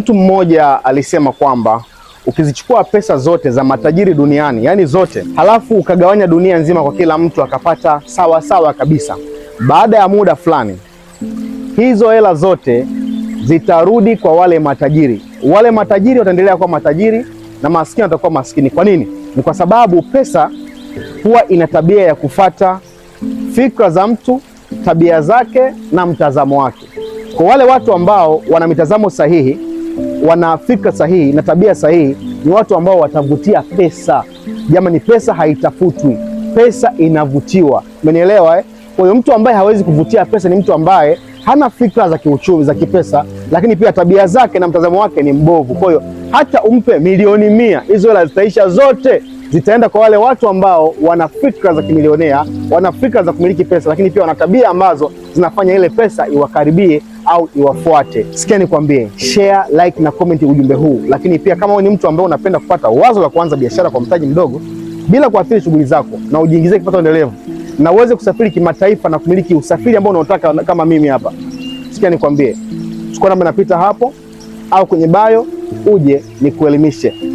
Mtu mmoja alisema kwamba ukizichukua pesa zote za matajiri duniani, yani zote, halafu ukagawanya dunia nzima kwa kila mtu akapata sawa sawa kabisa, baada ya muda fulani, hizo hela zote zitarudi kwa wale matajiri. Wale matajiri wataendelea kuwa matajiri na maskini watakuwa maskini. Kwa nini? Ni kwa sababu pesa huwa ina tabia ya kufata fikra za mtu, tabia zake na mtazamo wake. Kwa wale watu ambao wana mitazamo sahihi wana fikra sahihi na tabia sahihi ni watu ambao watavutia pesa. Jamani, pesa haitafutwi, pesa inavutiwa. Umenielewa eh? Kwa hiyo mtu ambaye hawezi kuvutia pesa ni mtu ambaye hana fikra za kiuchumi za kipesa, lakini pia tabia zake na mtazamo wake ni mbovu. Kwa hiyo hata umpe milioni mia, hizo hela zitaisha zote, zitaenda kwa wale watu ambao wana fikra za kimilionea, wana fikra za kumiliki pesa, lakini pia wana tabia ambazo zinafanya ile pesa iwakaribie au iwafuate. Sikia nikwambie, share, like na comment ujumbe huu. Lakini pia kama ni mtu ambaye unapenda kupata wazo la kuanza biashara kwa mtaji mdogo bila kuathiri shughuli zako na ujiingizie kipato endelevu na uweze kusafiri kimataifa na kumiliki usafiri ambao unaotaka kama mimi hapa, sikia nikwambie, chukua namba napita hapo au kwenye bio, uje nikuelimishe.